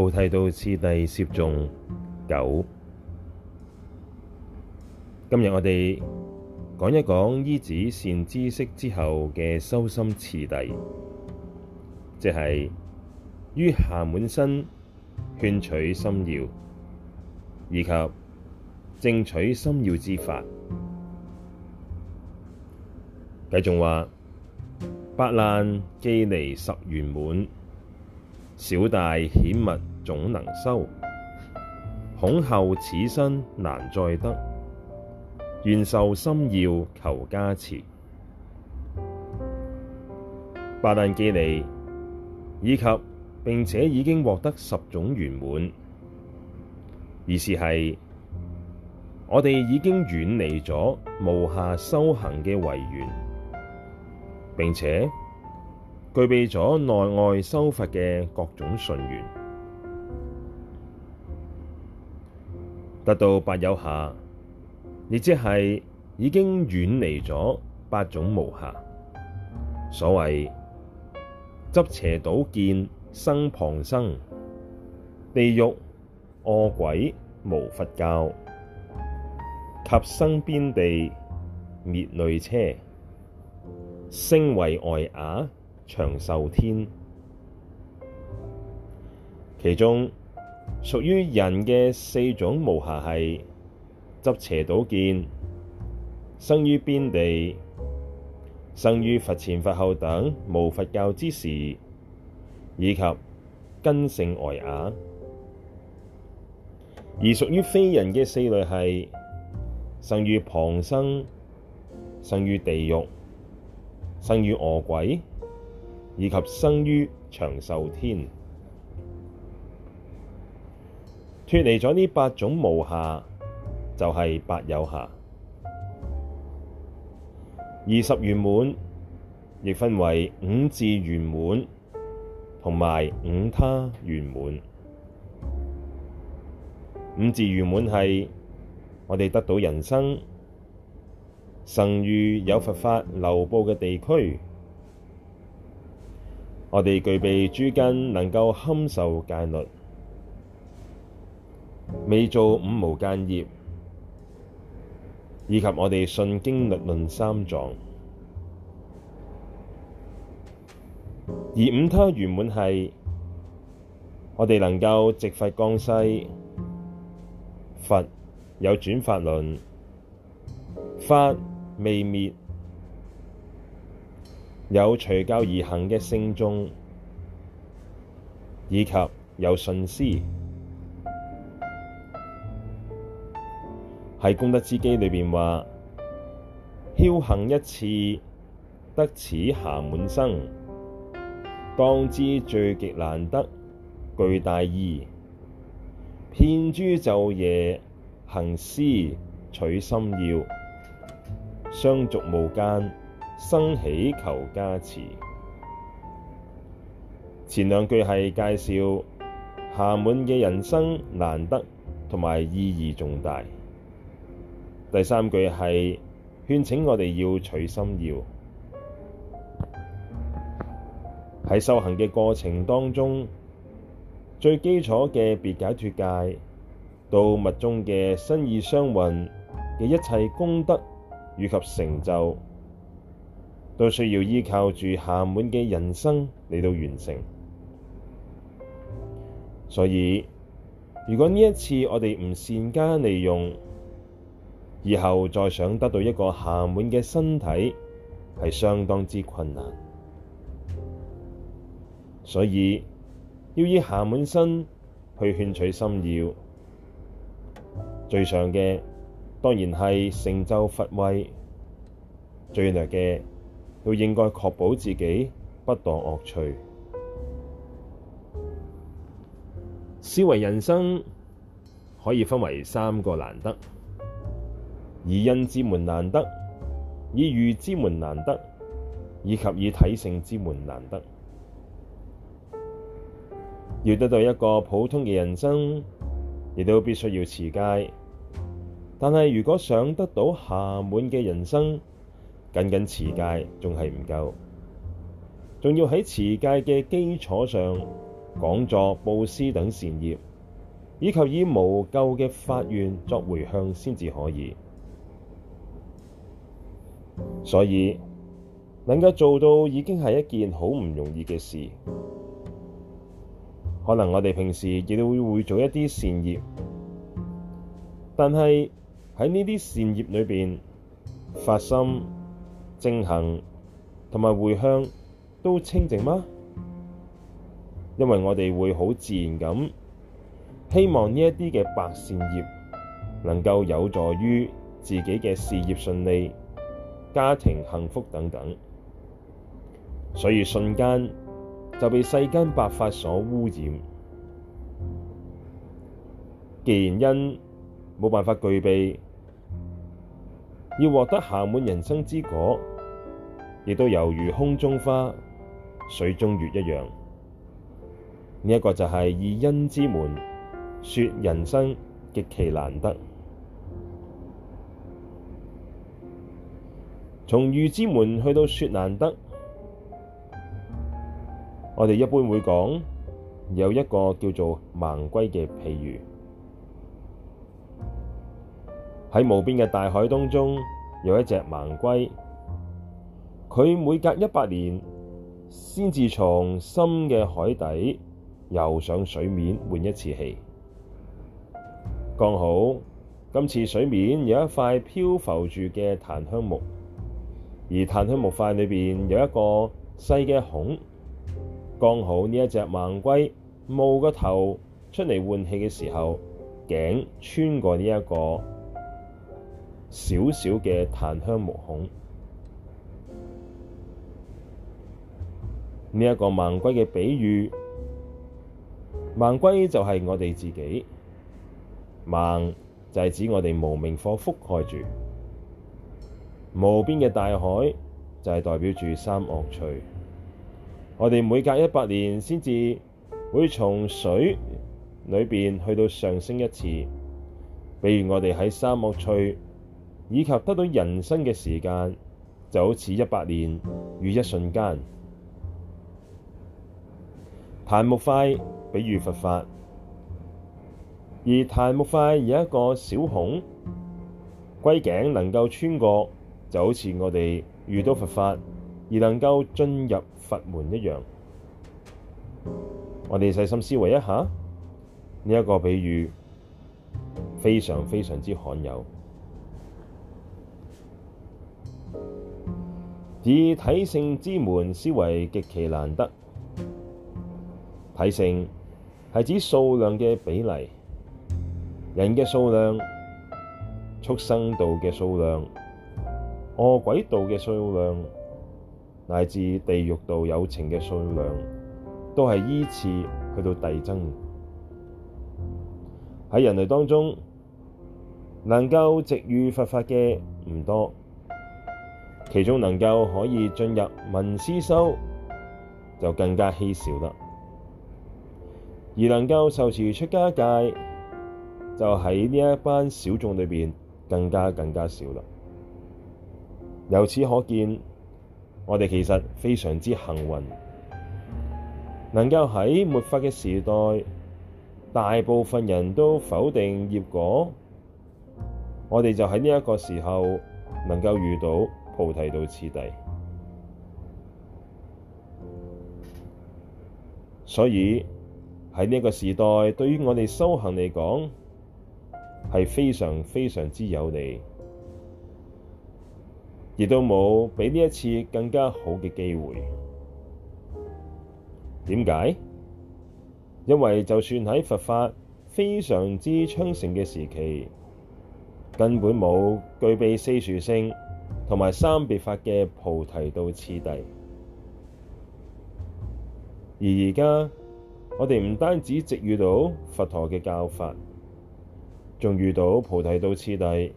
菩提道次第攝頌九，今日我哋講一講依止善知識之後嘅修心次第，即係於暇滿身勸取心要，以及正取心要之法。繼續話：八難既離十圓滿，小大顯密總能修，恐後此身難再得。願受心要求加持，八難既離以及並且已經獲得十種圓滿，意思係我哋已經遠離咗無暇修行嘅違緣，並且具備咗內外修佛嘅各種順緣。得到八有暇，亦即係已經遠離咗八種無暇。所謂執邪倒見生旁生，地獄餓鬼無佛教，及生邊地篾戾車，性為呆啞長壽天，其中。屬於人嘅四種無暇係執邪倒見、生於邊地、生於佛前佛後等無佛教之時，以及根性呆啞；而屬於非人嘅四類係生於旁生、生於地獄、生於餓鬼，以及生於長壽天。脱離咗呢八種無暇，就係、是、八有暇。二十圓滿亦分為五自圓滿同埋五他圓滿。五自圓滿係我哋得到人身，生於有佛法流布嘅地區，我哋具備諸根，能夠堪受戒律。未做五無間業，以及我哋信經律論三藏，而五他圓滿係我哋能夠值佛降世，佛有轉法輪，法未滅，有隨教而行嘅聖眾，以及有信施。喺功德之基裏面話：僥倖一次得此暇滿身，當知最極難得，具大義。遍諸晝夜恆思取心要，相續無間生起求加持。前兩句係介紹暇滿嘅人生難得同埋意義重大。第三句係勸請我哋要取心要。喺修行嘅過程當中，最基礎嘅別解脫戒到密宗嘅身意雙運嘅一切功德以及成就，都需要依靠住暇滿嘅人生嚟到完成。所以，如果呢一次我哋唔善加利用，以後再想得到一個暇滿嘅身體，係相當之困難。所以要以暇滿身去勸取心要，最上嘅當然係成就佛位；最劣嘅都應該確保自己不墮惡趣。思維人身可以分為三個難得。以因之門難得，以喻之門難得，以及以體性之門難得。要得到一個普通嘅人身，亦都必須要持戒。但係如果想得到暇滿嘅人身，僅僅持戒仲係唔夠，仲要喺持戒嘅基礎上廣作、布施等善業，以及以無垢嘅發願作回向，先至可以。所以能夠做到已經係一件好唔容易嘅事。可能我哋平時亦都會做一啲善業，但係喺呢啲善業裏邊發心、正行同埋回向都清淨嗎？因為我哋會好自然咁希望呢一啲嘅白善業能夠有助於自己嘅事業順利。家庭幸福等等，所以瞬間就被世間八法所污染。既然因冇辦法具備，要獲得暇滿人身之果，亦都猶如空中花、水中月一樣。呢、這、一個就係以因之門説人身極其難得。從喻之門去到說難得，我哋一般會講有一個叫做盲龜嘅譬如。喺無邊嘅大海當中，有一隻盲龜，佢每隔一百年先至從深嘅海底游上水面換一次氣。剛好今次水面有一塊漂浮住嘅檀香木。而檀香木塊裏面有一個細嘅孔，剛好呢一隻盲龜冒個頭出嚟換氣嘅時候，頸穿過呢一個小小嘅檀香木孔。呢、這、一個盲龜嘅比喻，盲龜就係我哋自己，盲就係指我哋無名火覆蓋住。無邊嘅大海就係、是、代表住三惡趣。我哋每隔一百年先至會從水裏邊去到上升一次。比如我哋喺三惡趣，以及得到人生嘅時間就好似一百年與一瞬間。檀木塊，比喻佛法，而檀木塊有一個小孔，龜頸能夠穿過。就好似我哋遇到佛法而能夠進入佛門一樣，我哋細心思維一下，呢一個比喻非常非常之罕有，以體性之門思維極其難得。體性係指數量嘅比例，人嘅數量、畜生道嘅數量。餓鬼、哦、道嘅數量，乃至地獄道有情嘅數量，都係依次去到遞增。喺人類當中，能夠值遇佛法嘅唔多，其中能夠可以進入聞思修，就更加稀少啦。而能夠受持出家戒，就喺呢一班小眾裏面，更加更加少啦。由此可見，我哋其實非常之幸運，能夠喺末法嘅時代，大部分人都否定業果，我哋就喺呢一個時候能夠遇到菩提道次第。所以喺呢個時代，對於我哋修行嚟講，係非常非常之有利。亦都冇俾呢一次更加好嘅機會。點解？因為就算喺佛法非常之昌盛嘅時期，根本冇具備四殊勝同埋三別法嘅菩提道次第。而而家我哋唔單止值遇到佛陀嘅教法，仲遇到菩提道次第，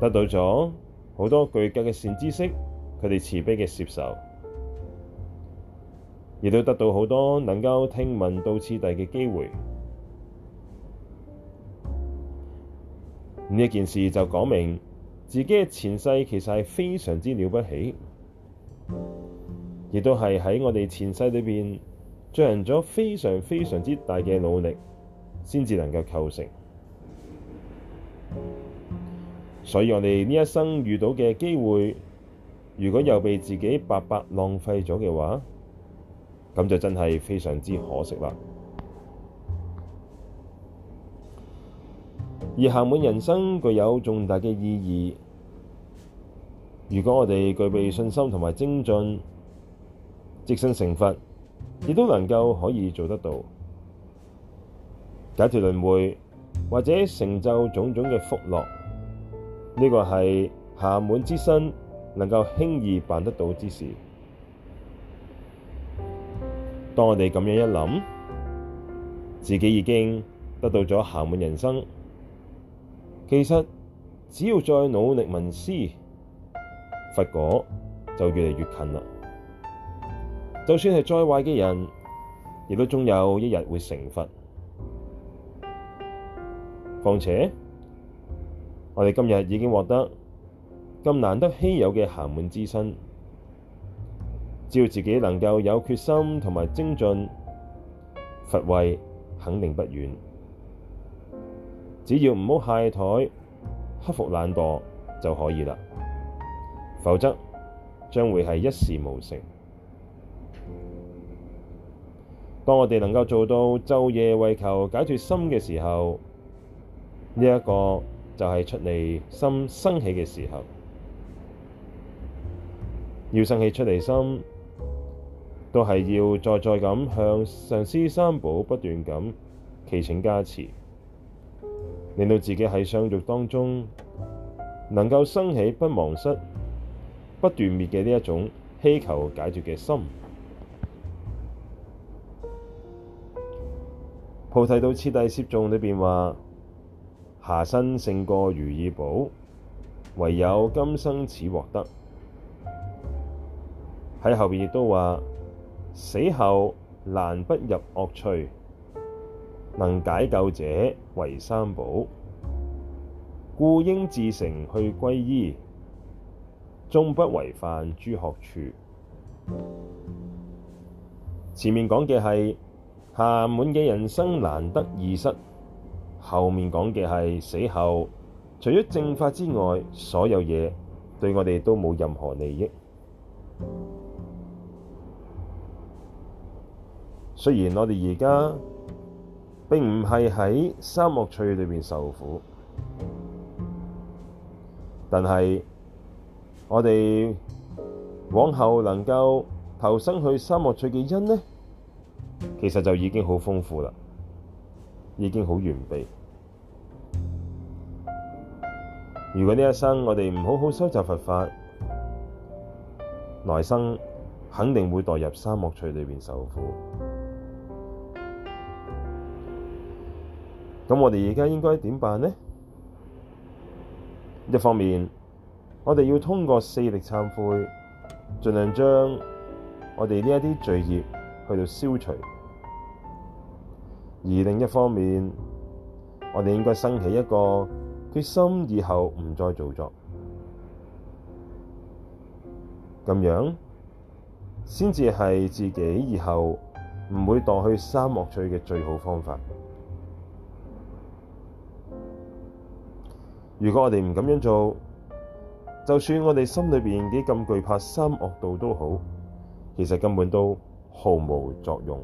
得到咗。好多具格嘅善知識，佢哋慈悲嘅攝受，亦都得到好多能夠聽聞到次第嘅機會。呢件事就講明自己嘅前世其實係非常之了不起，亦都係喺我哋前世裏邊進行咗非常非常之大嘅努力，先至能夠構成。所以，我哋呢一生遇到嘅機會，如果又被自己白白浪費咗嘅話，咁就真係非常之可惜啦。而暇滿人生具有重大嘅意義。如果我哋具備信心同埋精進，即身成佛，亦都能夠可以做得到，解脫輪迴，或者成就種種嘅福樂。呢個係暇滿之身能夠輕易辦得到之事。當我哋咁樣一諗，自己已經得到咗暇滿人生。其實只要再努力聞思，佛果就越嚟越近啦。就算係再壞嘅人，亦都終有一日會成佛。況且，我哋今日已經獲得咁難得稀有嘅暇滿之身，只要自己能夠有決心同埋精進，佛位肯定不遠。只要唔好懈怠、克服懶惰就可以啦，否則將會係一事無成。當我哋能夠做到晝夜為求解脫心嘅時候，呢一個就係出離心生起嘅時候，要生起出離心，都係要再再咁向上師三寶不斷咁祈請加持，令到自己喺相續當中能夠生起不忘失、不斷滅嘅呢一種希求解脫嘅心。菩提道次第攝頌裏邊話。暇身勝過如意寶，唯有今生始獲得。喺後邊亦都話，死後難不入惡趣，能解救者唯三寶，故應至誠去皈依，終不違犯諸學處。前面講嘅係暇滿嘅人生難得易失。後面講嘅係死後，除咗正法之外，所有嘢對我哋都冇任何利益。雖然我哋而家並唔係喺三惡趣裏面受苦，但係我哋往後能夠投生去三惡趣嘅因呢，其實就已經好豐富啦。已經好完備。如果呢一生我哋唔好好修習佛法，來生肯定會墮入三惡趣裏邊受苦。咁我哋而家應該點辦呢？一方面，我哋要通過四力懺悔，盡量將我哋呢一啲罪孽去到消除。而另一方面，我哋應該生起一個決心，以後唔再做作，咁樣先至係自己以後唔會墮去三惡趣嘅最好方法。如果我哋唔咁樣做，就算我哋心裏面幾咁懼怕三惡道都好，其實根本都毫無作用。